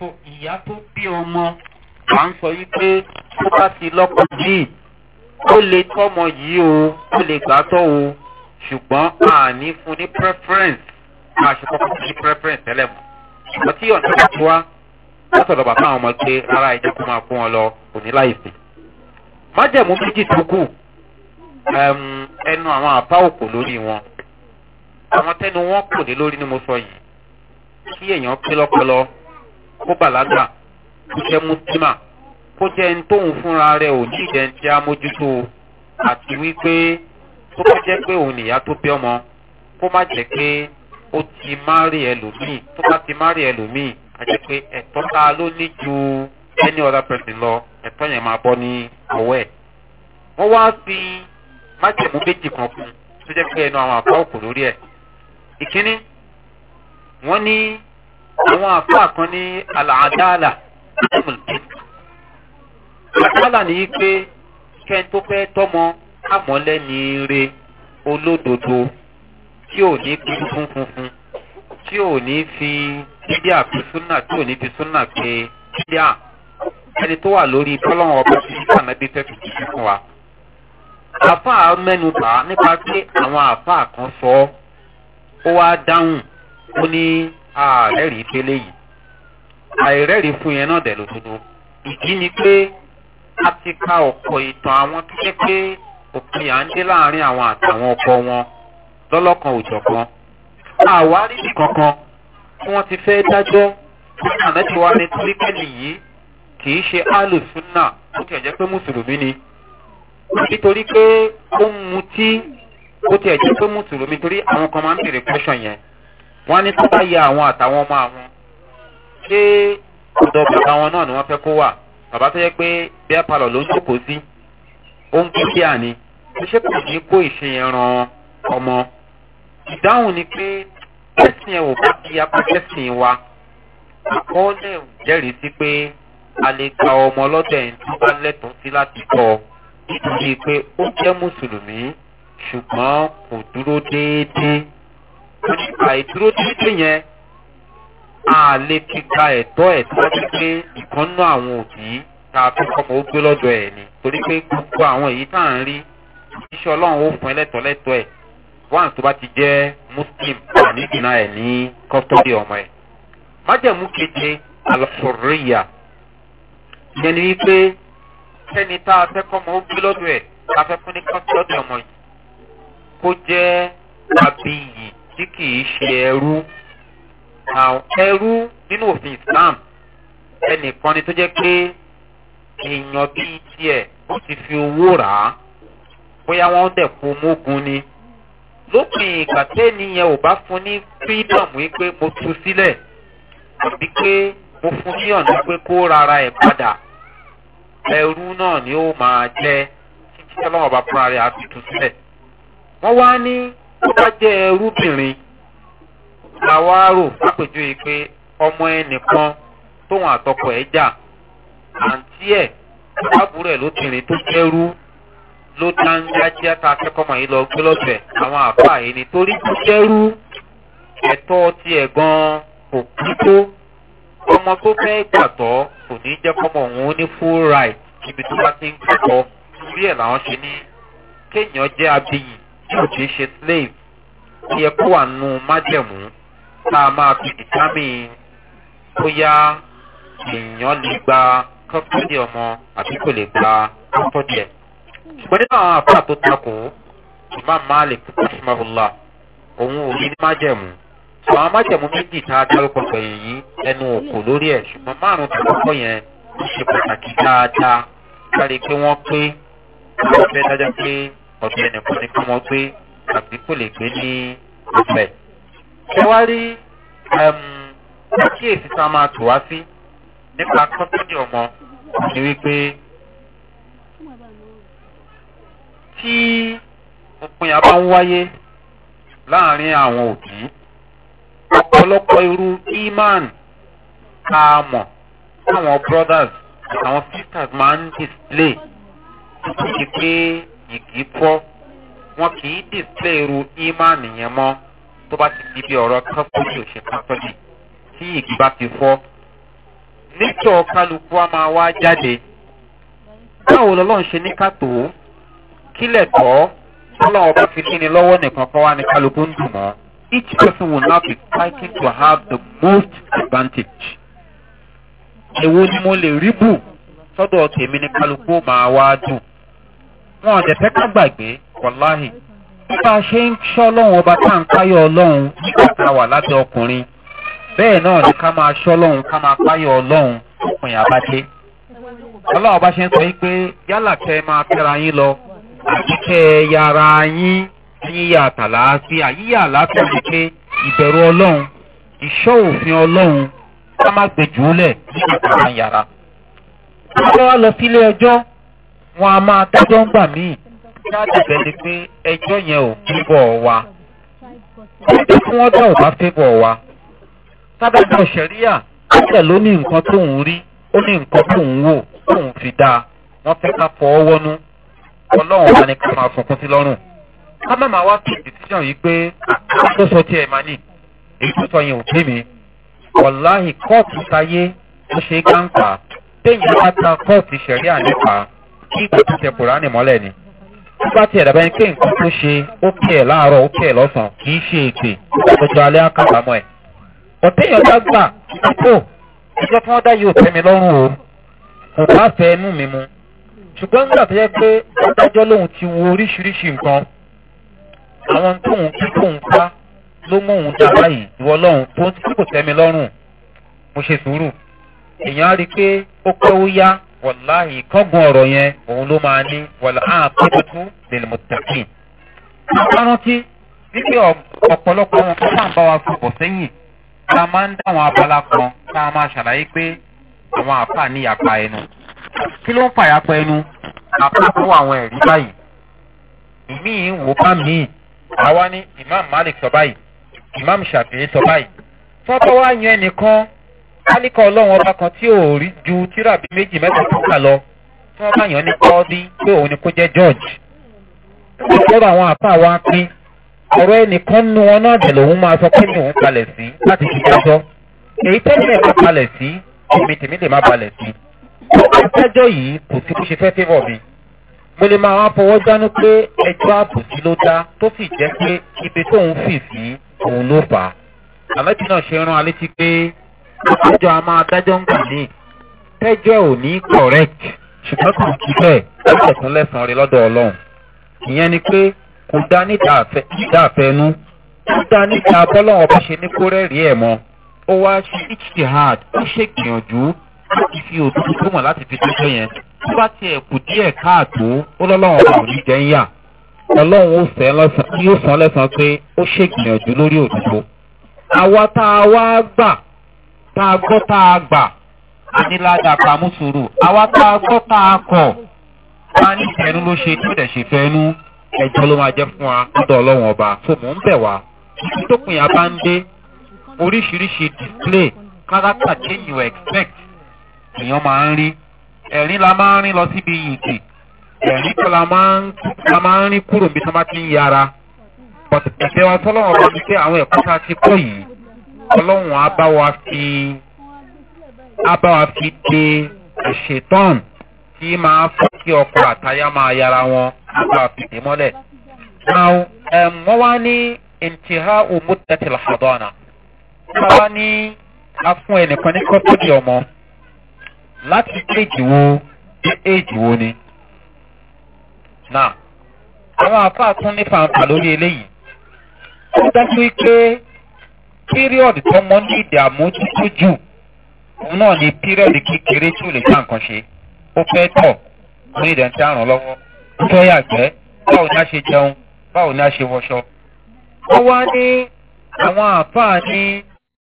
so ìyá tó bí ọmọ à ń sọ yí pé tó bá ti lọ́kọ̀ yìí ó lè tọ́mọ yìí o ó lè gbàtọ́ o ṣùgbọ́n àní fún ní preference àṣepọ̀ fún ní preference tẹ́lẹ̀ mọ́ ṣùgbọ́n tí ọ̀nà bá tó wá látọ̀dọ̀ bàbá àwọn ọmọ pé ara ẹ̀jẹ̀ kó máa fún wọn lọ kò ní láìsí. májẹ̀mú méjì tó kù ẹnu àwọn àbá òkò lórí wọn àwọn tẹnu wọn kò dé lórí ni mo sọ yìí kí èèyàn pé lọ́pọlọ kó bàlágà kó jẹ́ mùsùlùmá kó jẹ́ ẹni tóun fúnra rẹ̀ ò ní ìdẹ́ntì amójútó àti wípé tó bá jẹ́ pé òun nìyá tó bí ọmọ kó má jẹ́ pé ó ti márì ẹlòmíì tó bá ti márì ẹlòmíì a jẹ́ pé ẹ̀tọ́ ta ló ní ju any other person lọ ẹ̀tọ́ yẹn máa bọ́ ní ọwọ́ ẹ̀. wọ́n wá fi májèmú méjì kan fún un tó jẹ́ pé ẹnu àwọn àbá òkú lórí ẹ̀. ìkíní wọ́n ní àwọn àfáà kan ní àlàádáàlà àlàádáàlà ní í pé kẹ́ni tó fẹ́ tọ́mọ àmọ́lẹ́ni re olódodo tí ò ní kúrú fún funfun tí ò ní fi bídíà pé súnà tí ò ní fi súnà pé bídíà ẹni tó wà lórí tọ́lọ́wọ́n ọba tí kànábí fẹ́ fi jíjí fún wa. àáfàá mẹ́nu bà á nípa pé àwọn àáfàá kan sọ ọ́ ó wá dáhùn ó ní àrẹ́rìí pélé yìí àìrẹ́rìí fún yẹn náà dẹ̀ lódodo ìdí ni pé a ti ka ọ̀pọ̀ ìtàn àwọn tó jẹ́ pé òpin à ń dé láàrin àwọn àtàwọn ọkọ wọn lọ́lọ́kan òjọ̀kan àwárí nìkankan tí wọ́n ti fẹ́ dájọ́ fún àmẹ́tí wa ní tíríkẹ́lì yìí kì í ṣe alùsùnà ó ti ẹ̀jẹ̀ pé mùsùlùmí ni nítorí pé ó ń mutí ó ti ẹ̀jẹ̀ pé mùsùlùmí torí àwọn kan máa ń bèrè pẹ́ṣọ̀ yẹn wọ́n ní tó bá yẹ àwọn àtàwọn ọmọ àwọn ṣé ọ̀dọ̀ bàbá wọn náà ni wọ́n fẹ́ kó wà bàbá tó yẹ pé bẹ́ẹ̀ palọ̀ ló ń jókòó sí ó ń kí bíà ni ó ṣe kò ní kó ìṣe yẹn ran ọmọ ìdáhùn ni pé ẹ̀sìn ẹ̀ ò bá fi apẹ́sẹ̀sìn wa àkọọ́lẹ̀ jẹ́rìí sí pé a lè gba ọmọ lọ́dọ̀ ẹ̀ tó bá lẹ́tọ̀ọ́ sí láti kọ́ nítorí pé ó jẹ́ mùsùlùmí ṣùgbọ́n kò dúró déédéé torí àìdúró dídé yẹn a lè fi gba ẹ̀tọ́ ẹ̀tọ́ ti pé ìkan nú àwọn òbí tá a fi kọ́mọ ó gbé lọ́dọ̀ ẹ̀ ni torí pé gbogbo àwọn èyí tá à ń rí iṣẹ́ ọlọ́run ó fún ẹ lẹ́tọ̀ọ́ lẹ́tọ̀ọ́ ẹ̀ wọ́n tó bá ti jẹ́ muslim nídìínà ẹ̀ ní kọ́tọ́dì ọmọ ẹ̀. májẹ̀mú keje alhurriya ìyẹn ni wípé sẹ́ni tá a fẹ́ kọ́mọ ó gbé lọ́dọ̀ ẹ̀ tá fẹ́ fún ní kọ́tọ́dì ọmọ yìí kó jẹ́ abiyì tí kìí ṣe ẹrú ẹrú nínú òfin islam ẹnìkan ni tó jẹ́ pé èèyàn bíi tiẹ̀ ó ti fi owó rà á bóyá wọ́n dẹ̀ kó mógun ni lópin ìgbà tẹ́niyẹn ò bá fún ní freedom wípé mo tu sílẹ̀ àbí pé mo fún ní ọ̀nà pé kó rárá ẹ̀ padà ẹrú náà ni ó máa jẹ́ títí tọ́lọ́mọba fúnra rẹ̀ á fi tu sílẹ̀ wọ́n wá ní tó bá jẹ́ ẹrúbìnrin làwa rò fápèjúwe pé ọmọ ẹnìkan tóun àtọkọ ẹ̀ jà àǹtí ẹ̀ àbúrò ẹ̀ lóbìnrin tó jẹ́rú ló dángájíá tá a kẹ́kọ̀ọ́ mọ̀ yìí lọ gbé lọ́fẹ̀ẹ́ àwọn àbá yìí ni torí tó jẹ́rú ẹ̀tọ́ tiẹ̀ gan-an kò kú tó ọmọ tó fẹ́ gbàtọ́ kò ní jẹ́ kọ́mọ òun ní full right ibi tó bá ti ń kẹ́kọ̀ọ́ bí ẹ̀ làwọn ṣe ní kéèyàn jẹ́ abiyì tí ò ti ṣe slave ó yẹ kó wà nù májẹ̀mú tá a máa fi dìtámì bóyá èèyàn lè gba kọ́pọ́dì ọmọ àbí kò lè gba kọ́pọ́dì ẹ̀. ṣùgbọ́n nínú àwọn àfáà tó takò imam malik rahimahullah òun ò ní májẹ̀mú àwọn májẹ̀mú méjì tá a dárúkọ pẹ̀yìn yìí ẹnu òkò lórí ẹ̀ ṣùgbọ́n márùn-ún tó kọ́kọ́ yẹn ó ṣe pàtàkì dáadáa kárí pé wọ́n pé wọ́n fẹ́ dájọ́ pé ọ̀dọ̀ ẹnìkan ni kọ́mọ gbé àbí kò lè gbé ní ìfẹ́. ṣé wá rí àkíyèsí tá a máa tò wá sí nípa kọ́tọ́dì ọmọ ni wípé tí òpin àbá ń wáyé láàrin àwọn òbí ọ̀pọ̀lọpọ̀ irú imán tá mọ̀ táwọn brothers àtàwọn sisters máa ń display títí pé yìgì fọ́ wọn kì í display irú ìmánì yẹn mọ́ tó bá ti di bí ọ̀rọ̀ kan kó tí tí yìgì bá ti fọ́ nítọ̀ kálukú a máa wá jáde báwo lọ́lọ́run ṣe ní ká kílẹ̀ tọ́ tọ́lọ́wọ́ bá fi kíni lọ́wọ́ nìkan kan wá ní kálukú ń dùn mọ́ each person will now be fighting to have the most advantage èwo ni mo lè rí bù sọ́dọ̀ tèmi ní kálukú máa wá dùn wọn ọ̀dẹ̀ fẹ́ ká gbàgbé wàláhì bí bá a ṣe ń ṣọ́ lọ́hùn ọba tá à ń káyọ̀ ọlọ́hun nígbà tá a wà lábẹ́ ọkùnrin bẹ́ẹ̀ náà ni ká máa ṣọ́ lọ́hùn ká máa káyọ̀ ọlọ́hun ọkùnrin àbájé ọlọ́run ọba ṣe ń sọ yín pé yálà kẹ́ ẹ máa kẹ́ra yín lọ àti kẹ́ ẹ yára yín yíyà àtàlàáfíà yíyà àlàáfíà ni pé ìbẹ̀rù ọlọ́run ìṣọ́ òfin ọlọ́run ká má gbèjú lẹ̀ nígbà tá a yára. ọlọ́wọ́ lọ sílé ẹjọ́ wọn a máa dájọ́ ń gbà míì ní àtẹ̀tẹ̀ ni pé ẹjọ́ yẹn ò fíbọ̀ wa ọjọ́ tí wọ́n dá ò bá fíbọ̀ wa sábàjọ́ sẹ̀ríà ẹ̀jẹ̀ ló ní nǹkan tóun rí ó ní nǹkan tóun wò tóun fi dáa wọ́n fẹ́ ká fọ ọwọ́ nú ọlọ́run wa ni ká máa fọkún sí lọ́rùn ká má máa wá kí decision yìí pé ó tó sọ tí ẹ̀ máa nì èyí tó sọ yẹn ò pé mi wàláhì kóòtù táyé ó ṣe é gáǹkà téèyàn bá ta kóòtù sẹ̀ríà nípa kí kò tó tẹ kùránì mọ́lẹ̀ ni tó bá tiẹ̀ dàbẹ́ ni pé nǹkan tó ṣe ó kẹ̀ ẹ̀ láàárọ̀ ó kẹ̀ ẹ̀ lọ́sàn-án kì í ṣe ègbè ọjọ́ alẹ́ àkàbàmọ́ ẹ̀ ọ̀tẹ́yìn ọjà gbà tó ẹjọ́ tí wọ́n dá yóò tẹ́mi lọ́rùn o kò bá fẹ́ ẹnu mi mu ṣùgbọ́n nígbà tó yẹ pé adájọ́ lòun ti wo oríṣiríṣi nǹkan àwọn tóun kí tóun pa ló mú òun dá báyìí ìwọ wàláhì kọ́gbọ̀n ọ̀rọ̀ yẹn òun ló máa ní wàlá àkọ́tútù lèmọ̀tàkì. rántí wípé ọ̀pọ̀lọpọ̀ wọn kó máa ń bá wa fọ̀bọ̀ sẹ́yìn tá a máa ń dá àwọn abala kan tá a máa ṣàlàyé pé àwọn àpá ní ìyapa ẹnu. kí ló ń fà ìyapa ẹnu àpá fún àwọn ẹ̀rí báyìí. ìmí ń wò bá mi àwa ní imam malik sọ báyìí imam shafi'i sọ báyìí. tọ́tọ́ wá yan ẹnìkan kálíkọ ọlọ́run ọba kan tí ò rí ju tíràbí méjì mẹ́ta tó kà lọ tí wọ́n bá yàn ní kọ́ọ́dí pé òun ni kó jẹ́ george ọ̀rọ̀ àwọn àpá wa pín ọ̀rọ̀ ẹnìkan nu wọn náà dẹ̀ lòun máa sọ pé ní òun balẹ̀ sí láti fi dájọ́ èyí tẹ́lẹ̀ máa balẹ̀ sí èmi tèmi lè má balẹ̀ sí ìdájọ́ yìí kò sí bó ṣe fẹ́ fẹ́fọ̀ mi mo lè máa wá fọwọ́ dánú pé ẹjọ́ àbòsí ló dá tó sì jẹ́ pé ibi tóun fì sí òun ló fà á àmẹ́tí náà ṣe rán alétí pé àjọ àmọ́ adájọ́ ń gbà ní tẹ́jọ́ ò ní correct ṣùgbọ́n kò kí bẹ́ẹ̀ lọ́sẹ̀ tún lẹ́sàn-án rí lọ́dọ̀ ọlọ́run ìyẹn ni pé kò dá níta àfẹnú kò dá níta bọ́lọ́wọ́n bá ṣe ní kó rẹ́rìí ẹ̀ mọ́ ó wá ṣe ijtihad ó ṣe gbìyànjú láti fi òdodo tó mọ̀ láti fi tọ́jọ́ yẹn tó bá tiẹ̀ kù díẹ̀ káàtó ó lọ́lọ́wọ́n kò ní jẹ́ ń yà ọlọ́run yóò sàn lẹ́sàn-án pé ó ṣègbìyànjú lórí òdodo àwa tá a wá gbà tá a gbọ́ tá a gbà anílàdà pàmò sùúrù àwa tá a gbọ́ tá a kọ̀ tá ní ìfẹ́nu ló ṣe tí ó dẹ̀ ṣe fẹ́nu ẹjọ́ ló máa jẹ́ fún wa lọ́dọ̀ ọlọ́run ọba tó mò ń bẹ̀ wá títí tó pin abá ń dé oríṣiríṣi display character change you expect èèyàn máa ń rí ẹ̀rín la máa ń rí lọ síbi ìgbì ẹ̀rín tó la máa ń rí kúrò bí tí wọ́n bá ti ń yára but wa sọ́lọ́run ọba ti pé àwọn ẹ̀kọ́ tá a ti kọ́ yìí ọlọ́run á bá wa fi á bá wa fi de ìṣètọ́n tí máa fọ́ kí ọkọ̀ àtayá máa yára wọn á bá wa fi dè mọ́lẹ̀. now um, wọ́n wá ní ntìhá òmùtẹ́tìlá àdọ́nà wọ́n wá ní afún ẹnìkan ní kọ́tọ́dì ọmọ láti éèjì wo ní éèjì wo ni. àwọn àfáà tún lórí eléyìí. ó dájú pé period tọmọ ní ìdààmójútó jù òun náà ni period kékeré tí ò lè dá nǹkan ṣe ó fẹ́ tọ̀ ní ìdẹ̀ntì àrùn lọ́wọ́ ó fẹ́ yàgbẹ́ báwo ni a ṣe jẹun báwo ni a ṣe wọṣọ. wọ́n wá ní àwọn àǹfààní